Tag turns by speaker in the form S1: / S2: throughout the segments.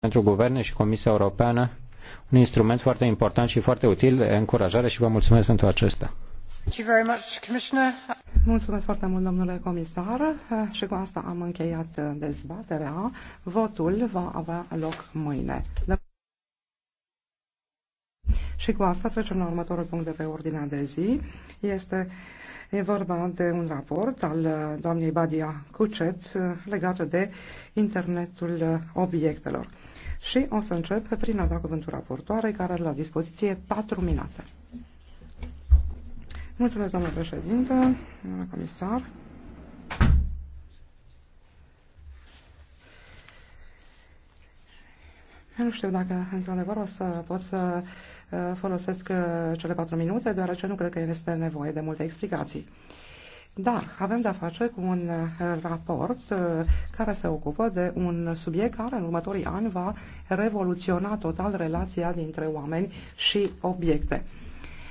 S1: pentru guverne și Comisia Europeană un instrument foarte important și foarte util de încurajare și vă mulțumesc pentru acesta.
S2: Mulțumesc foarte mult, domnule comisar, și cu asta am încheiat dezbaterea. Votul va avea loc mâine. Și cu asta trecem la următorul punct de pe ordinea de zi. Este E vorba de un raport al doamnei Badia Cucet legat de internetul obiectelor și o să încep prin a da cuvântul raportoarei care are la dispoziție 4 minute. Mulțumesc, doamnă președinte, doamnă comisar. Eu nu știu dacă, într-adevăr, o să pot să uh, folosesc uh, cele patru minute, deoarece nu cred că este nevoie de multe explicații. Da, avem de-a face cu un eh, raport eh, care se ocupă de un subiect care în următorii ani va revoluționa total relația dintre oameni și obiecte.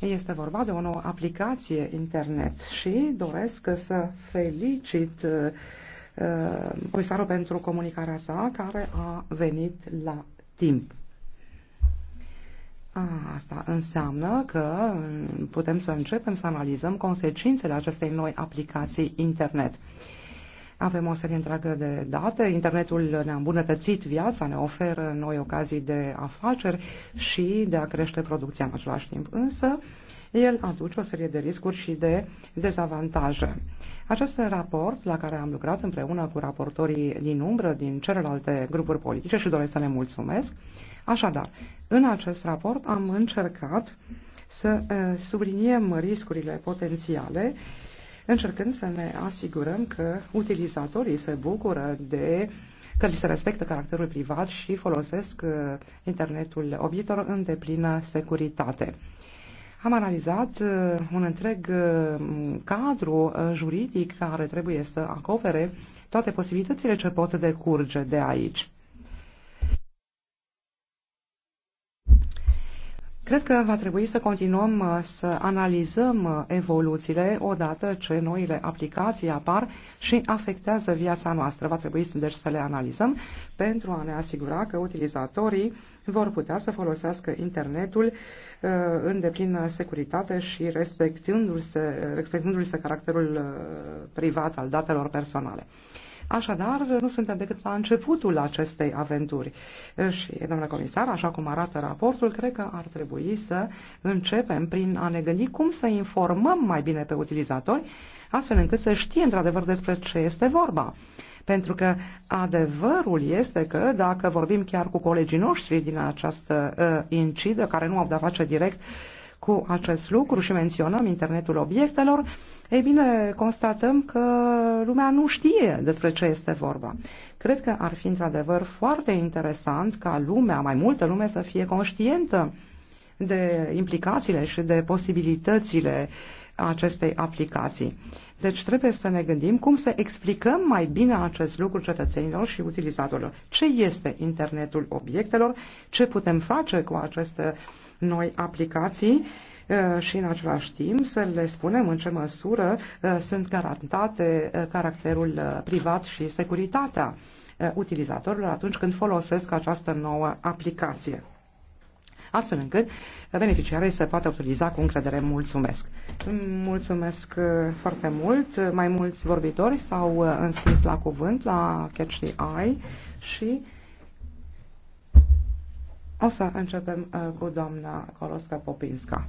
S2: Este vorba de o nouă aplicație internet și doresc să felicit eh, comisarul pentru comunicarea sa care a venit la timp. Asta înseamnă că putem să începem să analizăm consecințele acestei noi aplicații internet. Avem o serie întreagă de date, internetul ne-a îmbunătățit viața, ne oferă noi ocazii de afaceri și de a crește producția în același timp. Însă, el aduce o serie de riscuri și de dezavantaje. Acest raport, la care am lucrat împreună cu raportorii din umbră din celelalte grupuri politice și doresc să le mulțumesc, așadar, în acest raport am încercat să eh, subliniem riscurile potențiale încercând să ne asigurăm că utilizatorii se bucură de că li se respectă caracterul privat și folosesc eh, internetul obitor în deplină securitate. Am analizat uh, un întreg uh, cadru uh, juridic care trebuie să acopere toate posibilitățile ce pot decurge de aici. Cred că va trebui să continuăm să analizăm evoluțiile odată ce noile aplicații apar și afectează viața noastră. Va trebui deci să le analizăm pentru a ne asigura că utilizatorii vor putea să folosească internetul uh, în deplină securitate și respectându-se, respectându-se caracterul uh, privat al datelor personale. Așadar, nu suntem decât la începutul acestei aventuri. Uh, și, domnule comisar, așa cum arată raportul, cred că ar trebui să începem prin a ne gândi cum să informăm mai bine pe utilizatori, astfel încât să știe într-adevăr despre ce este vorba. Pentru că adevărul este că, dacă vorbim chiar cu colegii noștri din această uh, incidă, care nu au de-a face direct cu acest lucru și menționăm internetul obiectelor, ei bine, constatăm că lumea nu știe despre ce este vorba. Cred că ar fi într-adevăr foarte interesant ca lumea, mai multă lume, să fie conștientă de implicațiile și de posibilitățile uh, acestei aplicații. Deci trebuie să ne gândim cum să explicăm mai bine acest lucru cetățenilor și utilizatorilor. Ce este internetul obiectelor, ce putem face cu aceste noi aplicații uh, și în același timp să le spunem în ce măsură uh, sunt garantate uh, caracterul privat și securitatea utilizatorilor atunci când folosesc această nouă aplicație astfel încât beneficiarii să poată utiliza cu încredere. Mulțumesc! Mulțumesc uh, foarte mult! Mai mulți vorbitori s-au uh, înscris la cuvânt, la Catch the Eye și o să începem uh, cu doamna Koloska Popinska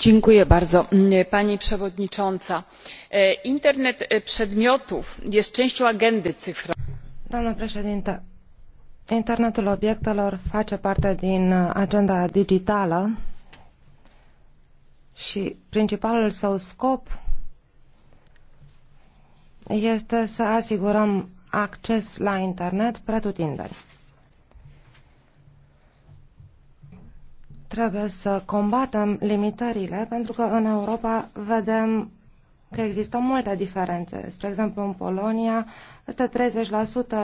S3: Dziękuję bardzo. Mm, pani przewodnicząca! internet przedmiotów jest częścią agendy cyfrowej. Przewodnicząca,
S4: Internetul obiectelor face parte din uh, agenda digitală și principalul său scop este să asigurăm acces la internet pretutindeni. Trebuie să combatem limitările pentru că în Europa vedem că există multe diferențe. Spre exemplu, în Polonia, peste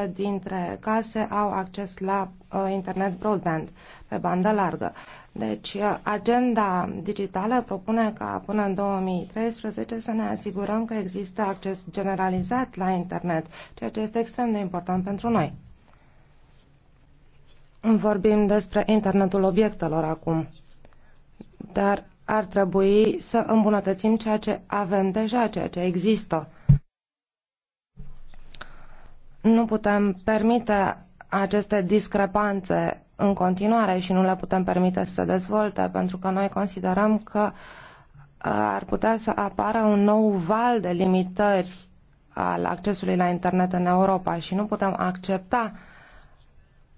S4: 30% dintre case au acces la uh, internet broadband pe bandă largă. Deci, uh, agenda digitală propune ca până în 2013 să ne asigurăm că există acces generalizat la internet, ceea ce este extrem de important pentru noi. Vorbim despre internetul obiectelor acum. Dar ar trebui să îmbunătățim ceea ce avem deja, ceea ce există. Nu putem permite aceste discrepanțe în continuare și nu le putem permite să se dezvolte, pentru că noi considerăm că uh, ar putea să apară un nou val de limitări al accesului la internet în Europa și nu putem accepta uh,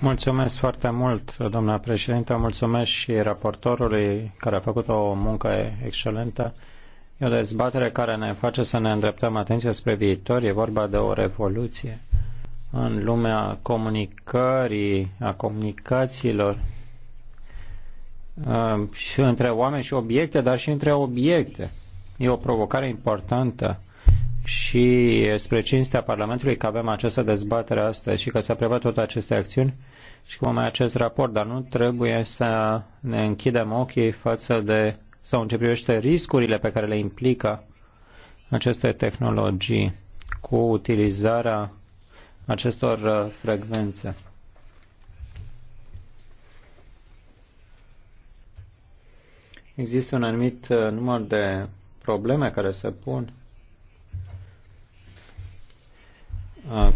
S1: Mulțumesc foarte mult, doamnă președintă, mulțumesc și raportorului care a făcut o muncă excelentă. E o dezbatere care ne face să ne îndreptăm atenția spre viitor. E vorba de o revoluție în lumea comunicării, a comunicațiilor uh, și între oameni și obiecte, dar și între obiecte. E o provocare importantă și spre cinstea Parlamentului că avem această dezbatere astăzi și că s-a prevat toate aceste acțiuni și cum mai acest raport, dar nu trebuie să ne închidem ochii față de sau în ce privește riscurile pe care le implică aceste tehnologii cu utilizarea acestor uh, frecvențe. Există un anumit uh, număr de probleme care se pun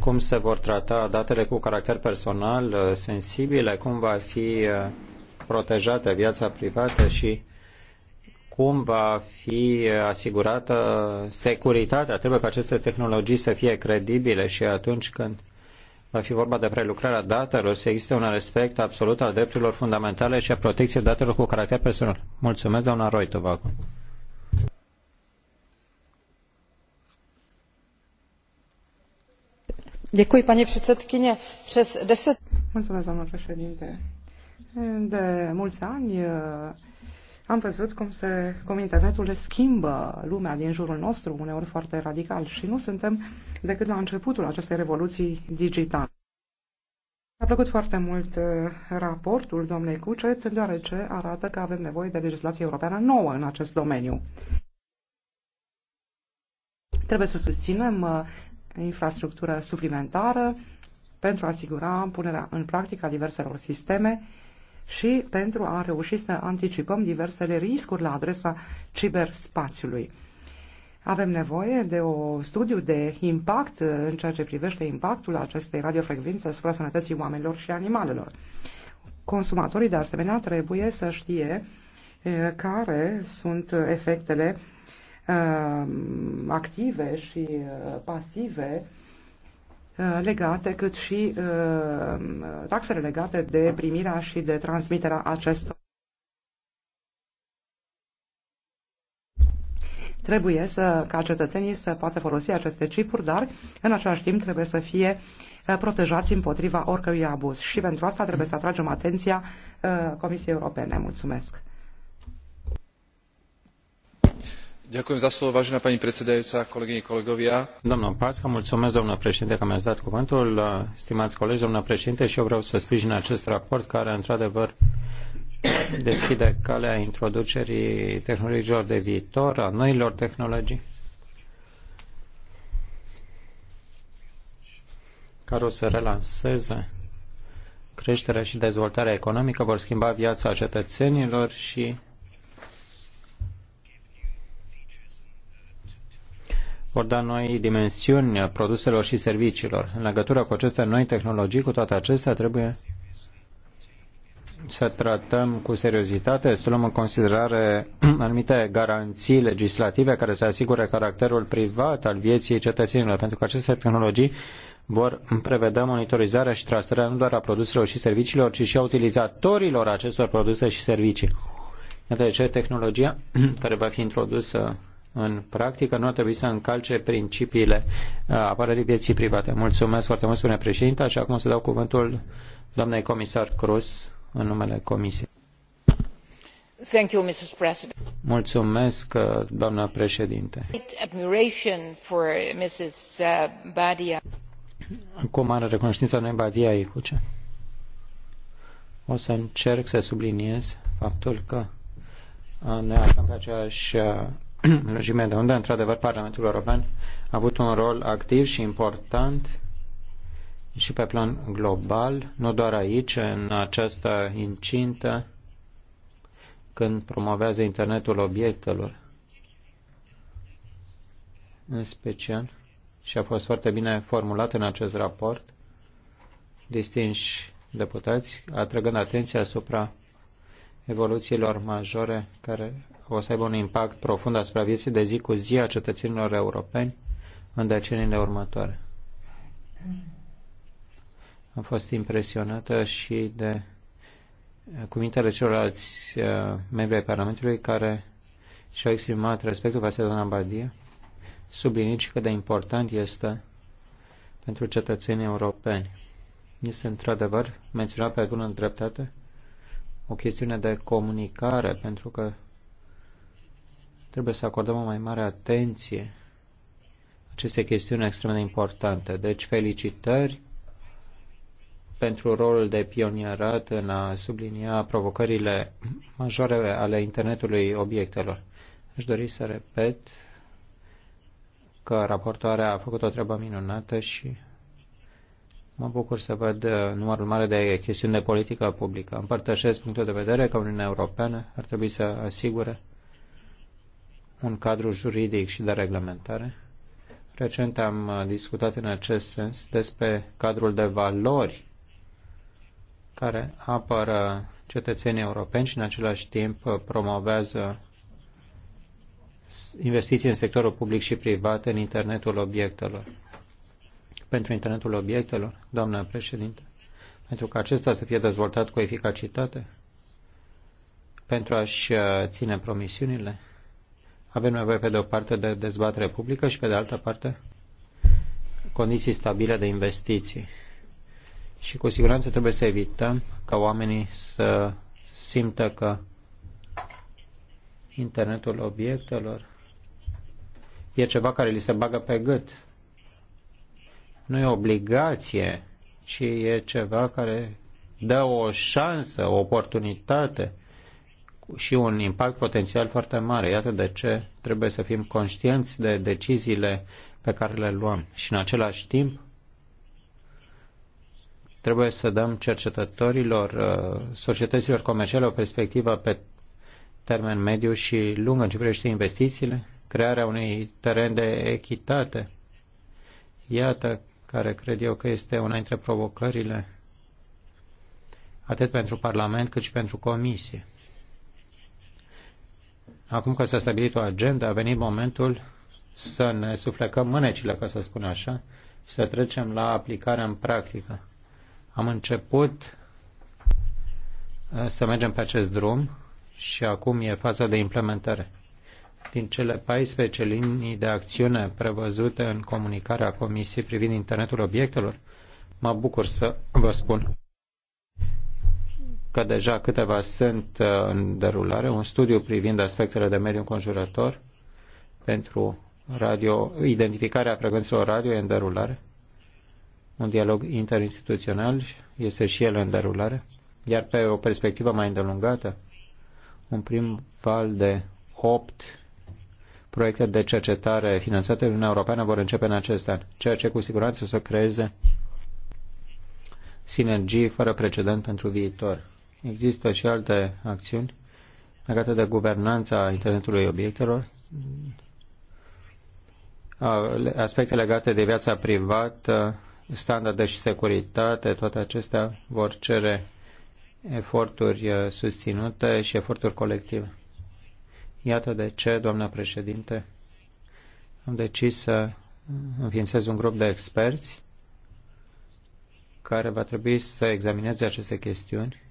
S1: cum se vor trata datele cu caracter personal uh, sensibile, cum va fi uh, protejată viața privată și cum va fi uh, asigurată securitatea. Trebuie ca aceste tehnologii să fie credibile și atunci când va fi vorba de prelucrarea datelor, să existe un respect absolut al drepturilor fundamentale și a protecției datelor cu caracter personal. Mulțumesc, doamna Roitova.
S3: de
S2: mulți ani eh, am văzut cum, se, cum internetul schimbă lumea din jurul nostru, uneori foarte radical, și nu suntem decât la începutul acestei revoluții digitale. Mi-a plăcut foarte mult eh, raportul doamnei Cucet, deoarece arată că avem nevoie de legislație europeană nouă în acest domeniu. Trebuie să susținem eh, infrastructură suplimentară pentru a asigura punerea în practică a diverselor sisteme și pentru a reuși să anticipăm diversele riscuri la adresa ciberspațiului. Avem nevoie de un studiu de impact uh, în ceea ce privește impactul acestei radiofrecvențe asupra sănătății oamenilor și animalelor. Consumatorii, de asemenea, trebuie să știe uh, care sunt efectele Um, active și uh, pasive uh, legate, cât și um, taxele legate de primirea și de transmiterea acestor. Trebuie să, ca cetățenii să poată folosi aceste chipuri, dar în același timp trebuie să fie uh, protejați împotriva oricărui abuz. Și pentru asta trebuie să atragem atenția Comisiei Europene. Mulțumesc!
S1: Domnul Pasca, mulțumesc, domnule președinte, că mi-ați dat cuvântul. Stimați colegi, domnule președinte, și eu vreau să sprijin acest raport care, într-adevăr, deschide calea introducerii tehnologiilor de viitor, a noilor tehnologii, care o să relanseze creșterea și dezvoltarea economică, vor schimba viața cetățenilor și vor da noi dimensiuni produselor și serviciilor. În legătură cu aceste noi tehnologii, cu toate acestea, trebuie să tratăm cu seriozitate, să luăm în considerare anumite garanții legislative care să asigure caracterul privat al vieții cetățenilor, pentru că aceste tehnologii vor prevedea monitorizarea și trasarea nu doar a produselor și serviciilor, ci și a utilizatorilor acestor produse și servicii. Deci de ce tehnologia care va fi introdusă în practică nu ar trebui să încalce principiile uh, apărării vieții private. Mulțumesc foarte mult, spune președinte, și acum să dau cuvântul doamnei comisar Cruz în numele Comisiei.
S4: Thank you, Mrs. President.
S1: Mulțumesc, uh, doamna președinte.
S4: Admiration for Mrs. Badia.
S1: Cu mare recunoștință noi Badia ce? O să încerc să subliniez faptul că uh, ne aflăm pe aceeași regime de unde, într-adevăr, Parlamentul European a avut un rol activ și important și pe plan global, nu doar aici, în această incintă, când promovează internetul obiectelor. În special, și a fost foarte bine formulat în acest raport, distinși deputați, atrăgând atenția asupra evoluțiilor majore care o să aibă un impact profund asupra vieții de zi cu zi a cetățenilor europeni în deceniile următoare. Am fost impresionată și de eh, cuvintele celorlalți eh, membri ai Parlamentului care și-au exprimat respectul față de doamna Badia, sublinind și cât de important este pentru cetățenii europeni. Este într-adevăr menționat pe bună dreptate o chestiune de comunicare, pentru că Trebuie să acordăm o mai mare atenție aceste chestiuni extrem de importante. Deci, felicitări pentru rolul de pionierat în a sublinia provocările majore ale internetului obiectelor. Aș dori să repet că raportoarea a făcut o treabă minunată și mă bucur să văd numărul mare de chestiuni de politică publică. Împărtășesc punctul de vedere că Uniunea Europeană ar trebui să asigure un cadru juridic și de reglementare. Recent am uh, discutat în acest sens despre cadrul de valori care apără cetățenii europeni și în același timp uh, promovează investiții în sectorul public și privat în internetul obiectelor. Pentru internetul obiectelor, doamnă președinte, pentru că acesta să fie dezvoltat cu eficacitate, pentru a-și uh, ține promisiunile, avem nevoie, pe de o parte, de dezbatere publică și, pe de altă parte, condiții stabile de investiții. Și cu siguranță trebuie să evităm ca oamenii să simtă că internetul obiectelor e ceva care li se bagă pe gât. Nu e obligație, ci e ceva care dă o șansă, o oportunitate și un impact potențial foarte mare. Iată de ce trebuie să fim conștienți de deciziile pe care le luăm. Și în același timp trebuie să dăm cercetătorilor, uh, societăților comerciale o perspectivă pe termen mediu și lung în ce privește investițiile, crearea unui teren de echitate. Iată care cred eu că este una dintre provocările atât pentru Parlament cât și pentru Comisie. Acum că s-a stabilit o agenda, a venit momentul să ne suflecăm mânecile, ca să spun așa, și să trecem la aplicarea în practică. Am început eh, să mergem pe acest drum și acum e faza de implementare. Din cele 14 linii de acțiune prevăzute în comunicarea Comisiei privind internetul obiectelor, mă bucur să vă spun că deja câteva sunt uh, în derulare, un studiu privind aspectele de mediu înconjurător pentru radio, identificarea frecvențelor radio e în derulare, un dialog interinstituțional este și el în derulare, iar pe o perspectivă mai îndelungată, un prim val de 8 proiecte de cercetare finanțate de Uniunea Europeană vor începe în acest an, ceea ce cu siguranță o să creeze sinergii fără precedent pentru viitor. Există și alte acțiuni legate de guvernanța internetului obiectelor, aspecte legate de viața privată, standarde și securitate, toate acestea vor cere eforturi uh, susținute și eforturi colective. Iată de ce, doamna președinte, am decis să înființez un grup de experți care va trebui să examineze aceste chestiuni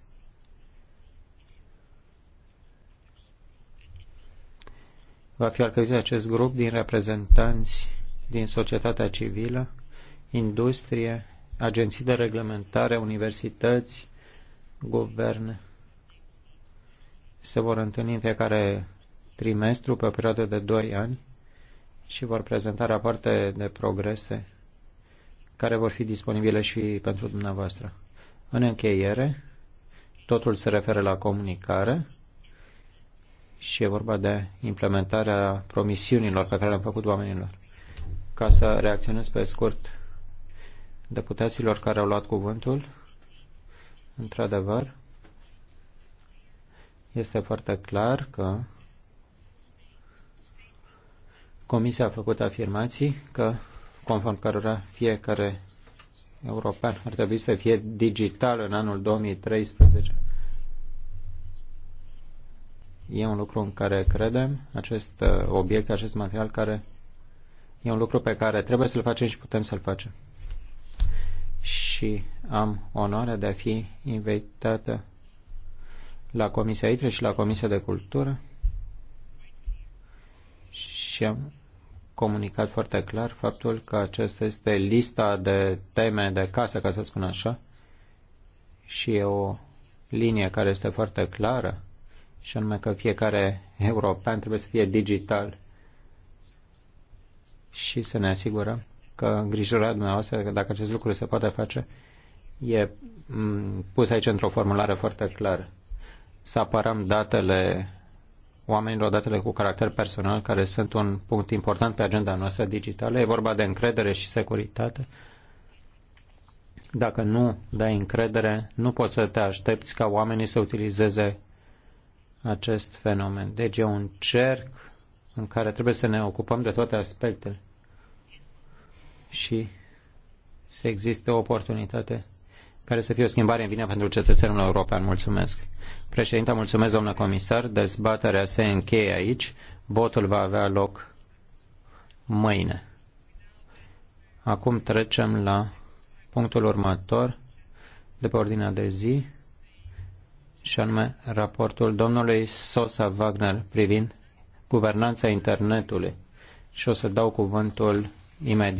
S1: va fi alcătuit acest grup din reprezentanți din societatea civilă, industrie, agenții de reglementare, universități, guverne. Se vor întâlni în fiecare trimestru pe o perioadă de 2 ani și vor prezenta rapoarte de progrese care vor fi disponibile și pentru dumneavoastră. În încheiere, totul se referă la comunicare și e vorba de implementarea promisiunilor pe care le-am făcut oamenilor. Ca să reacționez pe scurt deputaților care au luat cuvântul, într-adevăr, este foarte clar că Comisia a făcut afirmații că, conform cărora fiecare european ar trebui să fie digital în anul 2013 E un lucru în care credem, acest uh, obiect, acest material care e un lucru pe care trebuie să-l facem și putem să-l facem. Și am onoarea de a fi invitată la Comisia ITRE și la Comisia de Cultură și am comunicat foarte clar faptul că acesta este lista de teme de casă, ca să spun așa, și e o linie care este foarte clară și anume că fiecare european trebuie să fie digital și să ne asigurăm că îngrijorarea dumneavoastră, că dacă acest lucru se poate face, e pus aici într-o formulare foarte clară. Să apărăm datele oamenilor, datele cu caracter personal, care sunt un punct important pe agenda noastră digitală. E vorba de încredere și securitate. Dacă nu dai încredere, nu poți să te aștepți ca oamenii să utilizeze acest fenomen. Deci e un cerc în care trebuie să ne ocupăm de toate aspectele și să existe o oportunitate care să fie o schimbare în bine pentru cetățenul european. Mulțumesc. Președinte, mulțumesc, domnule comisar. Dezbaterea se încheie aici. Votul va avea loc mâine. Acum trecem la punctul următor de pe ordinea de zi și anume raportul domnului Sosa Wagner privind guvernanța internetului. Și o să dau cuvântul imediat.